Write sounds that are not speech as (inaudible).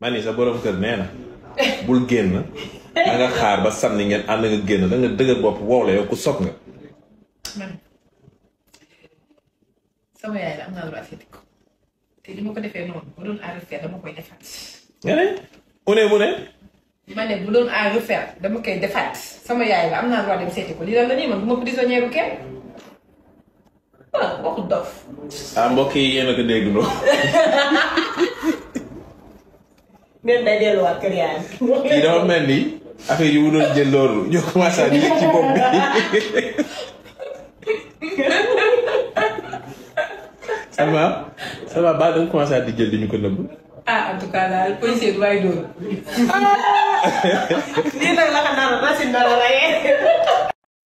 ma ni sa borom kër nee na bul génn da nga xaar ba sànni ngeen ànd nga génn da dëgër bopp wow la yow ku soog nga. sama yaay la am naa droit seeti ko te li ma ko defee noonu bu doon à dama koy defaat. ne bu doon à dama koy defaat sama yaay la am naa droit dem seeti ko lii lan la nii man bu ma kenn ah waxu ah mbokk yi yéen a ko (laughs) même day delluwaat kër yaay. kii dafa mel ni affaire yi mu doon jël loolu ñu commencé di jël di ñu ko nëbb. ah en tout cas daal policier du waay doon. lii la ko nar a racine